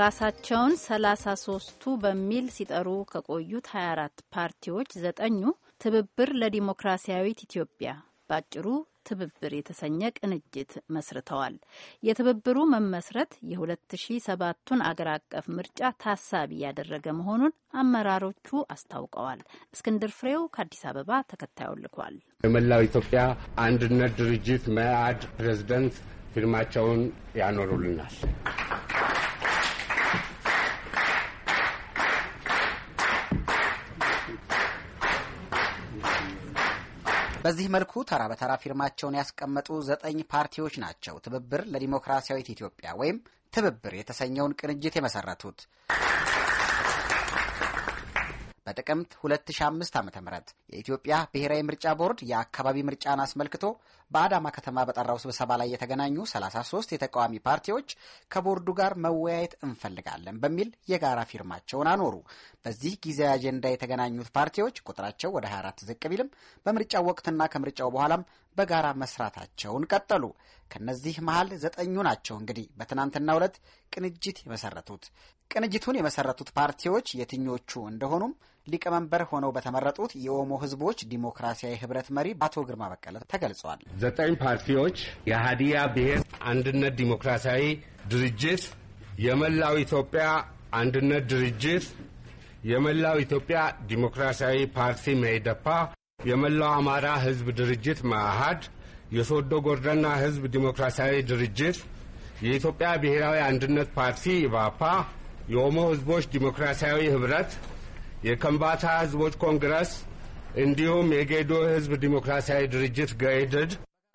ራሳቸውን ሰላሳ ሶስቱ በሚል ሲጠሩ ከቆዩት 24 ፓርቲዎች ዘጠኙ ትብብር ለዲሞክራሲያዊት ኢትዮጵያ ባጭሩ ትብብር የተሰኘ ቅንጅት መስርተዋል። የትብብሩ መመስረት የ 207 ቱን አገር አቀፍ ምርጫ ታሳቢ ያደረገ መሆኑን አመራሮቹ አስታውቀዋል። እስክንድር ፍሬው ከአዲስ አበባ ተከታዩን ልኳል። የመላው ኢትዮጵያ አንድነት ድርጅት መአድ ፕሬዝደንት ፊርማቸውን ያኖሩልናል። በዚህ መልኩ ተራ በተራ ፊርማቸውን ያስቀመጡ ዘጠኝ ፓርቲዎች ናቸው ትብብር ለዲሞክራሲያዊት ኢትዮጵያ ወይም ትብብር የተሰኘውን ቅንጅት የመሰረቱት። በጥቅምት 2005 ዓ ም የኢትዮጵያ ብሔራዊ ምርጫ ቦርድ የአካባቢ ምርጫን አስመልክቶ በአዳማ ከተማ በጠራው ስብሰባ ላይ የተገናኙ 33 የተቃዋሚ ፓርቲዎች ከቦርዱ ጋር መወያየት እንፈልጋለን በሚል የጋራ ፊርማቸውን አኖሩ። በዚህ ጊዜ አጀንዳ የተገናኙት ፓርቲዎች ቁጥራቸው ወደ 24 ዝቅ ቢልም በምርጫው ወቅትና ከምርጫው በኋላም በጋራ መስራታቸውን ቀጠሉ። ከነዚህ መሀል ዘጠኙ ናቸው እንግዲህ በትናንትናው ዕለት ቅንጅት የመሰረቱት። ቅንጅቱን የመሰረቱት ፓርቲዎች የትኞቹ እንደሆኑም ሊቀመንበር ሆነው በተመረጡት የኦሞ ህዝቦች ዲሞክራሲያዊ ህብረት መሪ አቶ ግርማ በቀለ ተገልጿል። ዘጠኝ ፓርቲዎች የሀዲያ ብሔር አንድነት ዲሞክራሲያዊ ድርጅት፣ የመላው ኢትዮጵያ አንድነት ድርጅት፣ የመላው ኢትዮጵያ ዲሞክራሲያዊ ፓርቲ መኢዴፓ፣ የመላው አማራ ህዝብ ድርጅት መአህድ፣ የሶዶ ጎርደና ህዝብ ዲሞክራሲያዊ ድርጅት፣ የኢትዮጵያ ብሔራዊ አንድነት ፓርቲ ኢባፓ የኦሞ ህዝቦች ዲሞክራሲያዊ ህብረት፣ የከምባታ ህዝቦች ኮንግረስ እንዲሁም የጌዶ ህዝብ ዲሞክራሲያዊ ድርጅት ገይድድ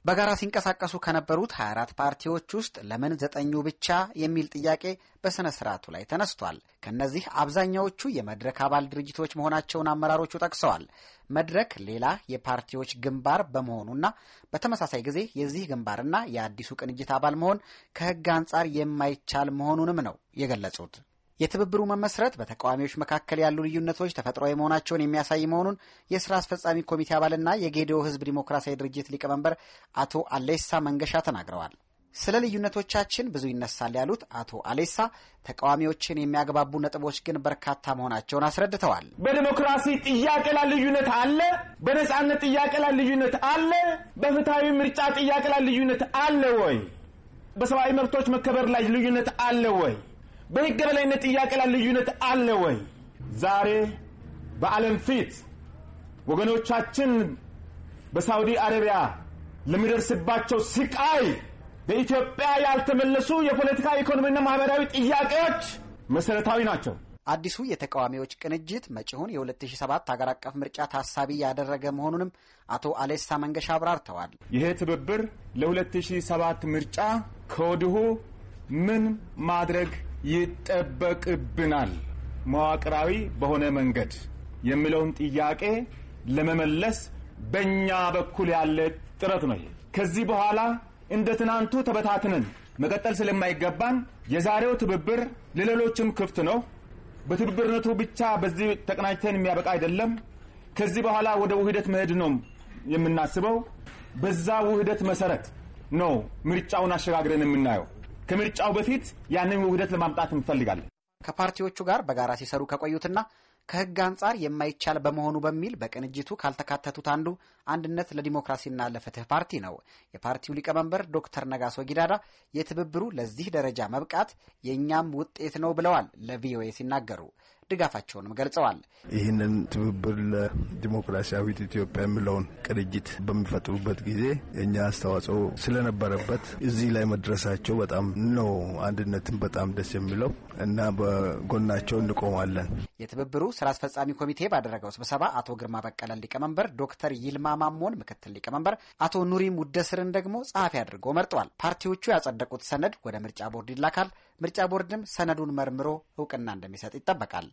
በጋራ ሲንቀሳቀሱ ከነበሩት 24 ፓርቲዎች ውስጥ ለምን ዘጠኙ ብቻ የሚል ጥያቄ በሥነ ሥርዓቱ ላይ ተነስቷል። ከእነዚህ አብዛኛዎቹ የመድረክ አባል ድርጅቶች መሆናቸውን አመራሮቹ ጠቅሰዋል። መድረክ ሌላ የፓርቲዎች ግንባር በመሆኑና በተመሳሳይ ጊዜ የዚህ ግንባርና የአዲሱ ቅንጅት አባል መሆን ከህግ አንጻር የማይቻል መሆኑንም ነው የገለጹት። የትብብሩ መመስረት በተቃዋሚዎች መካከል ያሉ ልዩነቶች ተፈጥሯዊ መሆናቸውን የሚያሳይ መሆኑን የስራ አስፈጻሚ ኮሚቴ አባልና የጌዲዮ ሕዝብ ዲሞክራሲያዊ ድርጅት ሊቀመንበር አቶ አሌሳ መንገሻ ተናግረዋል። ስለ ልዩነቶቻችን ብዙ ይነሳል ያሉት አቶ አሌሳ ተቃዋሚዎችን የሚያግባቡ ነጥቦች ግን በርካታ መሆናቸውን አስረድተዋል። በዲሞክራሲ ጥያቄ ላይ ልዩነት አለ፣ በነጻነት ጥያቄ ላይ ልዩነት አለ፣ በፍትሐዊ ምርጫ ጥያቄ ላይ ልዩነት አለ ወይ? በሰብአዊ መብቶች መከበር ላይ ልዩነት አለ ወይ? በህገ በላይነት ጥያቄ ላይ ልዩነት አለ ወይ? ዛሬ በዓለም ፊት ወገኖቻችን በሳውዲ አረቢያ ለሚደርስባቸው ስቃይ በኢትዮጵያ ያልተመለሱ የፖለቲካ ኢኮኖሚና ማህበራዊ ጥያቄዎች መሰረታዊ ናቸው። አዲሱ የተቃዋሚዎች ቅንጅት መጪውን የ2007 ሀገር አቀፍ ምርጫ ታሳቢ ያደረገ መሆኑንም አቶ አሌሳ መንገሻ አብራርተዋል። ይሄ ትብብር ለ2007 ምርጫ ከወዲሁ ምን ማድረግ ይጠበቅብናል መዋቅራዊ በሆነ መንገድ የሚለውን ጥያቄ ለመመለስ በእኛ በኩል ያለ ጥረት ነው። ከዚህ በኋላ እንደ ትናንቱ ተበታትነን መቀጠል ስለማይገባን የዛሬው ትብብር ለሌሎችም ክፍት ነው። በትብብርነቱ ብቻ በዚህ ተቀናጅተን የሚያበቃ አይደለም። ከዚህ በኋላ ወደ ውህደት መሄድ ነው የምናስበው። በዛ ውህደት መሰረት ነው ምርጫውን አሸጋግረን የምናየው። ከምርጫው በፊት ያንን ውህደት ለማምጣት እንፈልጋለን። ከፓርቲዎቹ ጋር በጋራ ሲሰሩ ከቆዩትና ከህግ አንጻር የማይቻል በመሆኑ በሚል በቅንጅቱ ካልተካተቱት አንዱ አንድነት ለዲሞክራሲና ለፍትህ ፓርቲ ነው። የፓርቲው ሊቀመንበር ዶክተር ነጋሶ ጊዳዳ የትብብሩ ለዚህ ደረጃ መብቃት የእኛም ውጤት ነው ብለዋል ለቪኦኤ ሲናገሩ። ድጋፋቸውንም ገልጸዋል። ይህንን ትብብር ለዲሞክራሲያዊት ኢትዮጵያ የሚለውን ቅርጅት በሚፈጥሩበት ጊዜ እኛ አስተዋጽኦ ስለነበረበት እዚህ ላይ መድረሳቸው በጣም ነው አንድነትን በጣም ደስ የሚለው እና በጎናቸው እንቆማለን። የትብብሩ ስራ አስፈጻሚ ኮሚቴ ባደረገው ስብሰባ አቶ ግርማ በቀለ ሊቀመንበር፣ ዶክተር ይልማ ማሞን ምክትል ሊቀመንበር፣ አቶ ኑሪ ሙደስርን ደግሞ ጸሐፊ አድርጎ መርጠዋል። ፓርቲዎቹ ያጸደቁት ሰነድ ወደ ምርጫ ቦርድ ይላካል። ምርጫ ቦርድም ሰነዱን መርምሮ እውቅና እንደሚሰጥ ይጠበቃል።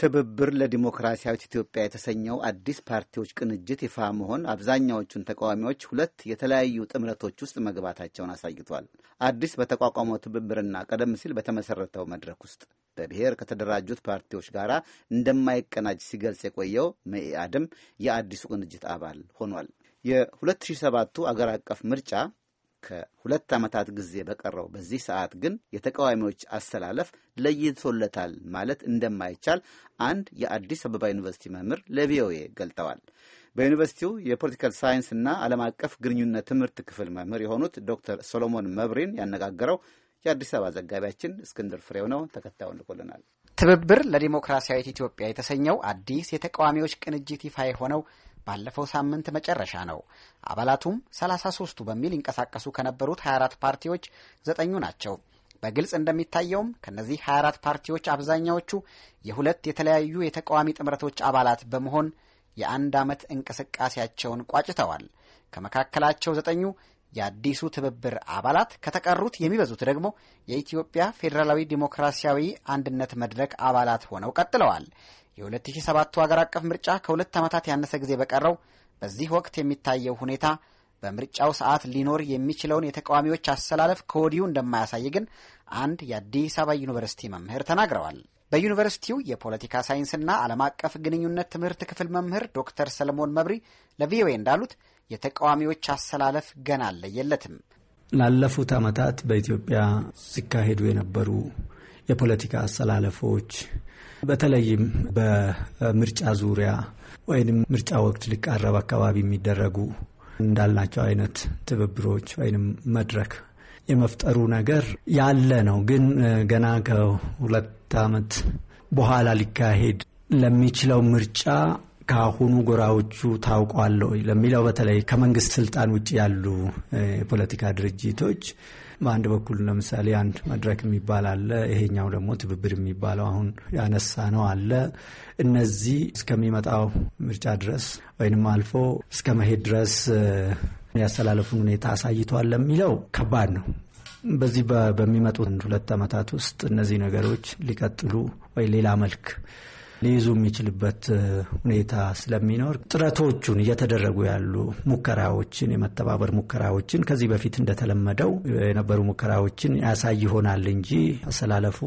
ትብብር ለዲሞክራሲያዊት ኢትዮጵያ የተሰኘው አዲስ ፓርቲዎች ቅንጅት ይፋ መሆን አብዛኛዎቹን ተቃዋሚዎች ሁለት የተለያዩ ጥምረቶች ውስጥ መግባታቸውን አሳይቷል። አዲስ በተቋቋመው ትብብርና ቀደም ሲል በተመሰረተው መድረክ ውስጥ በብሔር ከተደራጁት ፓርቲዎች ጋር እንደማይቀናጅ ሲገልጽ የቆየው መኢአድም የአዲሱ ቅንጅት አባል ሆኗል። የ2007ቱ አገር አቀፍ ምርጫ ከሁለት ዓመታት ጊዜ በቀረው በዚህ ሰዓት ግን የተቃዋሚዎች አሰላለፍ ለይቶለታል ማለት እንደማይቻል አንድ የአዲስ አበባ ዩኒቨርሲቲ መምህር ለቪኦኤ ገልጠዋል። በዩኒቨርሲቲው የፖለቲካል ሳይንስና ዓለም አቀፍ ግንኙነት ትምህርት ክፍል መምህር የሆኑት ዶክተር ሶሎሞን መብሪን ያነጋገረው የአዲስ አበባ ዘጋቢያችን እስክንድር ፍሬው ነው። ተከታዩን ልኮልናል። ትብብር ለዲሞክራሲያዊት ኢትዮጵያ የተሰኘው አዲስ የተቃዋሚዎች ቅንጅት ይፋ የሆነው ባለፈው ሳምንት መጨረሻ ነው። አባላቱም 33ቱ በሚል ይንቀሳቀሱ ከነበሩት 24 ፓርቲዎች ዘጠኙ ናቸው። በግልጽ እንደሚታየውም ከእነዚህ 24 ፓርቲዎች አብዛኛዎቹ የሁለት የተለያዩ የተቃዋሚ ጥምረቶች አባላት በመሆን የአንድ ዓመት እንቅስቃሴያቸውን ቋጭተዋል። ከመካከላቸው ዘጠኙ የአዲሱ ትብብር አባላት ከተቀሩት የሚበዙት ደግሞ የኢትዮጵያ ፌዴራላዊ ዴሞክራሲያዊ አንድነት መድረክ አባላት ሆነው ቀጥለዋል። የ2007ቱ ሀገር አቀፍ ምርጫ ከሁለት ዓመታት ያነሰ ጊዜ በቀረው በዚህ ወቅት የሚታየው ሁኔታ በምርጫው ሰዓት ሊኖር የሚችለውን የተቃዋሚዎች አሰላለፍ ከወዲሁ እንደማያሳይ ግን አንድ የአዲስ አበባ ዩኒቨርሲቲ መምህር ተናግረዋል። በዩኒቨርሲቲው የፖለቲካ ሳይንስና ዓለም አቀፍ ግንኙነት ትምህርት ክፍል መምህር ዶክተር ሰለሞን መብሪ ለቪኦኤ እንዳሉት የተቃዋሚዎች አሰላለፍ ገና አለየለትም። ላለፉት ዓመታት በኢትዮጵያ ሲካሄዱ የነበሩ የፖለቲካ አሰላለፎች በተለይም በምርጫ ዙሪያ ወይም ምርጫ ወቅት ሊቃረብ አካባቢ የሚደረጉ እንዳልናቸው አይነት ትብብሮች ወይም መድረክ የመፍጠሩ ነገር ያለ ነው። ግን ገና ከሁለት ዓመት በኋላ ሊካሄድ ለሚችለው ምርጫ ከአሁኑ ጎራዎቹ ታውቋል ለሚለው በተለይ ከመንግስት ስልጣን ውጭ ያሉ የፖለቲካ ድርጅቶች በአንድ በኩል ለምሳሌ አንድ መድረክ የሚባል አለ። ይሄኛው ደግሞ ትብብር የሚባለው አሁን ያነሳ ነው አለ። እነዚህ እስከሚመጣው ምርጫ ድረስ ወይንም አልፎ እስከ መሄድ ድረስ ያስተላለፉን ሁኔታ አሳይቷል ለሚለው ከባድ ነው። በዚህ በሚመጡ ሁለት ዓመታት ውስጥ እነዚህ ነገሮች ሊቀጥሉ ወይ ሌላ መልክ ሊይዙ የሚችልበት ሁኔታ ስለሚኖር ጥረቶቹን እየተደረጉ ያሉ ሙከራዎችን የመተባበር ሙከራዎችን ከዚህ በፊት እንደተለመደው የነበሩ ሙከራዎችን ያሳይ ይሆናል እንጂ አሰላለፉ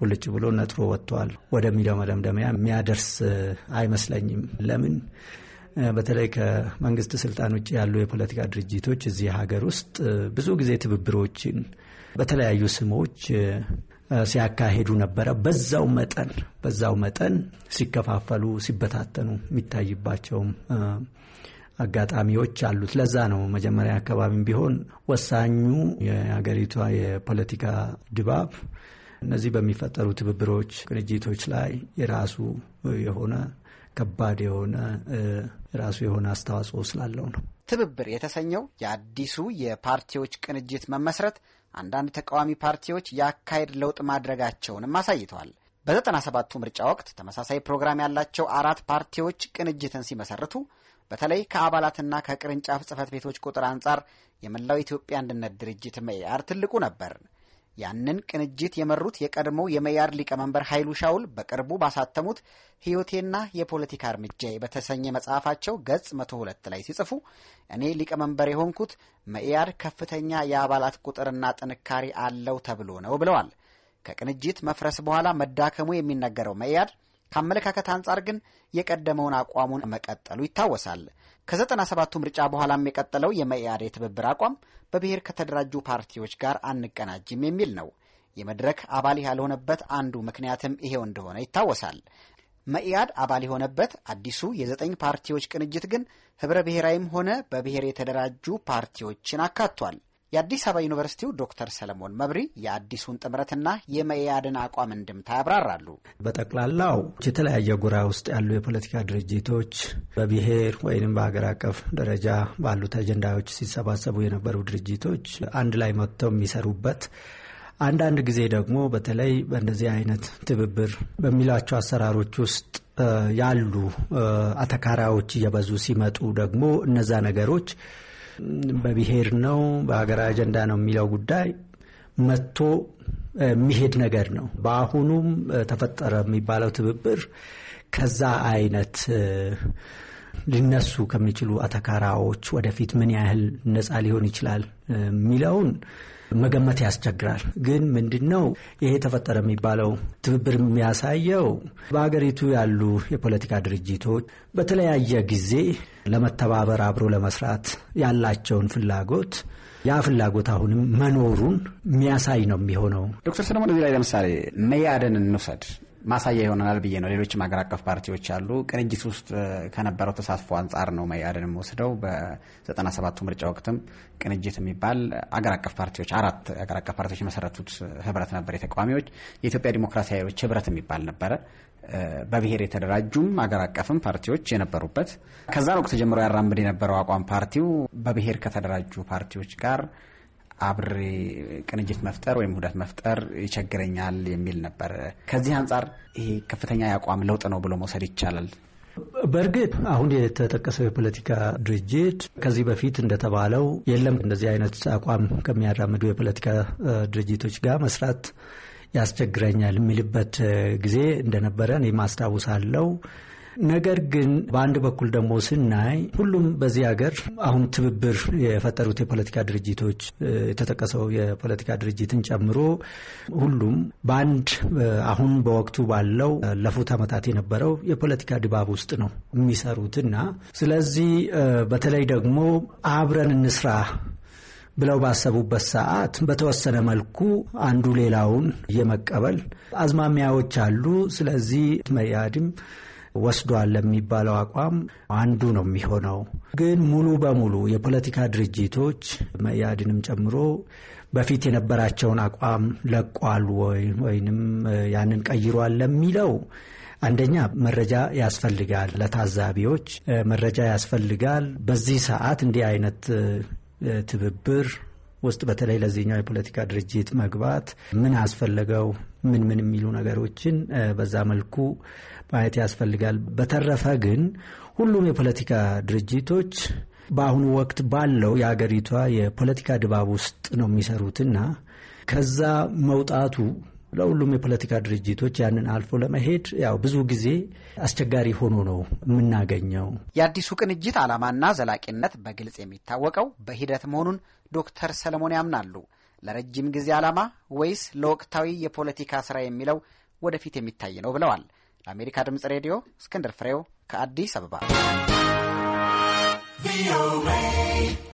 ቁልጭ ብሎ ነጥሮ ወጥቷል ወደሚለው መደምደሚያ የሚያደርስ አይመስለኝም። ለምን በተለይ ከመንግስት ስልጣን ውጭ ያሉ የፖለቲካ ድርጅቶች እዚህ ሀገር ውስጥ ብዙ ጊዜ ትብብሮችን በተለያዩ ስሞች ሲያካሄዱ ነበረ። በዛው መጠን በዛው መጠን ሲከፋፈሉ ሲበታተኑ የሚታይባቸውም አጋጣሚዎች አሉት። ለዛ ነው መጀመሪያ አካባቢም ቢሆን ወሳኙ የሀገሪቷ የፖለቲካ ድባብ እነዚህ በሚፈጠሩ ትብብሮች፣ ቅንጅቶች ላይ የራሱ የሆነ ከባድ የሆነ የራሱ የሆነ አስተዋጽኦ ስላለው ነው። ትብብር የተሰኘው የአዲሱ የፓርቲዎች ቅንጅት መመስረት አንዳንድ ተቃዋሚ ፓርቲዎች የአካሄድ ለውጥ ማድረጋቸውንም አሳይተዋል። በዘጠና ሰባቱ ምርጫ ወቅት ተመሳሳይ ፕሮግራም ያላቸው አራት ፓርቲዎች ቅንጅትን ሲመሰርቱ በተለይ ከአባላትና ከቅርንጫፍ ጽህፈት ቤቶች ቁጥር አንጻር የመላው ኢትዮጵያ አንድነት ድርጅት መኢአድ ትልቁ ነበር። ያንን ቅንጅት የመሩት የቀድሞው የመያድ ሊቀመንበር ኃይሉ ሻውል በቅርቡ ባሳተሙት ሕይወቴና የፖለቲካ እርምጃዬ በተሰኘ መጽሐፋቸው ገጽ ሁለት ላይ ሲጽፉ እኔ ሊቀመንበር የሆንኩት መኢአድ ከፍተኛ የአባላት ቁጥርና ጥንካሬ አለው ተብሎ ነው ብለዋል። ከቅንጅት መፍረስ በኋላ መዳከሙ የሚነገረው መኢአድ ከአመለካከት አንጻር ግን የቀደመውን አቋሙን መቀጠሉ ይታወሳል። ከዘጠና ሰባቱ ምርጫ በኋላም የቀጠለው የመኢአድ የትብብር አቋም በብሔር ከተደራጁ ፓርቲዎች ጋር አንቀናጅም የሚል ነው። የመድረክ አባል ያልሆነበት አንዱ ምክንያትም ይሄው እንደሆነ ይታወሳል። መኢአድ አባል የሆነበት አዲሱ የዘጠኝ ፓርቲዎች ቅንጅት ግን ህብረ ብሔራዊም ሆነ በብሔር የተደራጁ ፓርቲዎችን አካቷል። የአዲስ አበባ ዩኒቨርሲቲው ዶክተር ሰለሞን መብሪ የአዲሱን ጥምረትና የመያድን አቋም እንድምታ ያብራራሉ። በጠቅላላው የተለያየ ጎራ ውስጥ ያሉ የፖለቲካ ድርጅቶች በብሔር ወይም በሀገር አቀፍ ደረጃ ባሉት አጀንዳዎች ሲሰባሰቡ የነበሩ ድርጅቶች አንድ ላይ መጥተው የሚሰሩበት አንዳንድ ጊዜ ደግሞ በተለይ በእንደዚህ አይነት ትብብር በሚሏቸው አሰራሮች ውስጥ ያሉ አተካራዎች እየበዙ ሲመጡ ደግሞ እነዛ ነገሮች በብሔር ነው በሀገር አጀንዳ ነው የሚለው ጉዳይ መጥቶ የሚሄድ ነገር ነው። በአሁኑም ተፈጠረ የሚባለው ትብብር ከዛ አይነት ሊነሱ ከሚችሉ አተካራዎች ወደፊት ምን ያህል ነፃ ሊሆን ይችላል የሚለውን መገመት ያስቸግራል። ግን ምንድን ነው ይሄ ተፈጠረ የሚባለው ትብብር የሚያሳየው በሀገሪቱ ያሉ የፖለቲካ ድርጅቶች በተለያየ ጊዜ ለመተባበር አብሮ ለመስራት ያላቸውን ፍላጎት ያ ፍላጎት አሁንም መኖሩን የሚያሳይ ነው የሚሆነው። ዶክተር ሰለሞን እዚህ ላይ ለምሳሌ መያደን እንውሰድ። ማሳያ ይሆናል ብዬ ነው። ሌሎችም ሀገር አቀፍ ፓርቲዎች አሉ። ቅንጅት ውስጥ ከነበረው ተሳትፎ አንጻር ነው መያድን የምወስደው። በ97ቱ ምርጫ ወቅትም ቅንጅት የሚባል አገር አቀፍ ፓርቲዎች አራት አገር አቀፍ ፓርቲዎች የመሰረቱት ህብረት ነበር። የተቃዋሚዎች የኢትዮጵያ ዲሞክራሲያዊ ኃይሎች ህብረት የሚባል ነበረ። በብሔር የተደራጁም አገር አቀፍም ፓርቲዎች የነበሩበት ከዛን ወቅት ጀምሮ ያራምድ የነበረው አቋም ፓርቲው በብሔር ከተደራጁ ፓርቲዎች ጋር አብሬ ቅንጅት መፍጠር ወይም ሁደት መፍጠር ይቸግረኛል የሚል ነበር። ከዚህ አንጻር ይሄ ከፍተኛ የአቋም ለውጥ ነው ብሎ መውሰድ ይቻላል። በእርግጥ አሁን የተጠቀሰው የፖለቲካ ድርጅት ከዚህ በፊት እንደተባለው የለም እንደዚህ አይነት አቋም ከሚያራምዱ የፖለቲካ ድርጅቶች ጋር መስራት ያስቸግረኛል የሚልበት ጊዜ እንደነበረ እኔ ማስታውሳለሁ። ነገር ግን በአንድ በኩል ደግሞ ስናይ ሁሉም በዚህ ሀገር አሁን ትብብር የፈጠሩት የፖለቲካ ድርጅቶች የተጠቀሰው የፖለቲካ ድርጅትን ጨምሮ ሁሉም በአንድ አሁን በወቅቱ ባለው ለፉት ዓመታት የነበረው የፖለቲካ ድባብ ውስጥ ነው የሚሰሩትና ስለዚህ በተለይ ደግሞ አብረን እንስራ ብለው ባሰቡበት ሰዓት በተወሰነ መልኩ አንዱ ሌላውን የመቀበል አዝማሚያዎች አሉ። ስለዚህ መያድም ወስዷል ለሚባለው አቋም አንዱ ነው የሚሆነው። ግን ሙሉ በሙሉ የፖለቲካ ድርጅቶች መኢአድንም ጨምሮ በፊት የነበራቸውን አቋም ለቋል ወይንም ያንን ቀይሯል ለሚለው አንደኛ መረጃ ያስፈልጋል፣ ለታዛቢዎች መረጃ ያስፈልጋል። በዚህ ሰዓት እንዲህ አይነት ትብብር ውስጥ በተለይ ለዚህኛው የፖለቲካ ድርጅት መግባት ምን አስፈለገው፣ ምን ምን የሚሉ ነገሮችን በዛ መልኩ ማየት ያስፈልጋል። በተረፈ ግን ሁሉም የፖለቲካ ድርጅቶች በአሁኑ ወቅት ባለው የአገሪቷ የፖለቲካ ድባብ ውስጥ ነው የሚሰሩትና ከዛ መውጣቱ ለሁሉም የፖለቲካ ድርጅቶች ያንን አልፎ ለመሄድ ያው ብዙ ጊዜ አስቸጋሪ ሆኖ ነው የምናገኘው። የአዲሱ ቅንጅት ዓላማና ዘላቂነት በግልጽ የሚታወቀው በሂደት መሆኑን ዶክተር ሰለሞን ያምናሉ። ለረጅም ጊዜ ዓላማ ወይስ ለወቅታዊ የፖለቲካ ስራ የሚለው ወደፊት የሚታይ ነው ብለዋል። ለአሜሪካ ድምፅ ሬዲዮ እስክንድር ፍሬው ከአዲስ አበባ